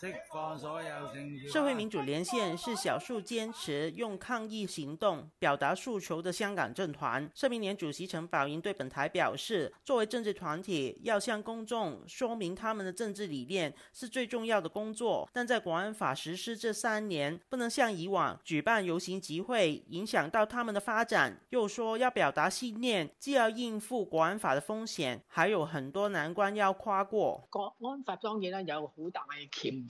釋放所有政治。社會民主連線是少數堅持用抗議行動表達訴求的香港政團。社民連主席陳寶瑩對本台表示，作為政治團體，要向公眾說明他們的政治理念是最重要的工作。但在國安法實施這三年，不能像以往舉辦遊行集會，影響到他們的發展。又說要表達信念，既要應付國安法的風險，還有很多難關要跨過。國安法當然有好大鉗。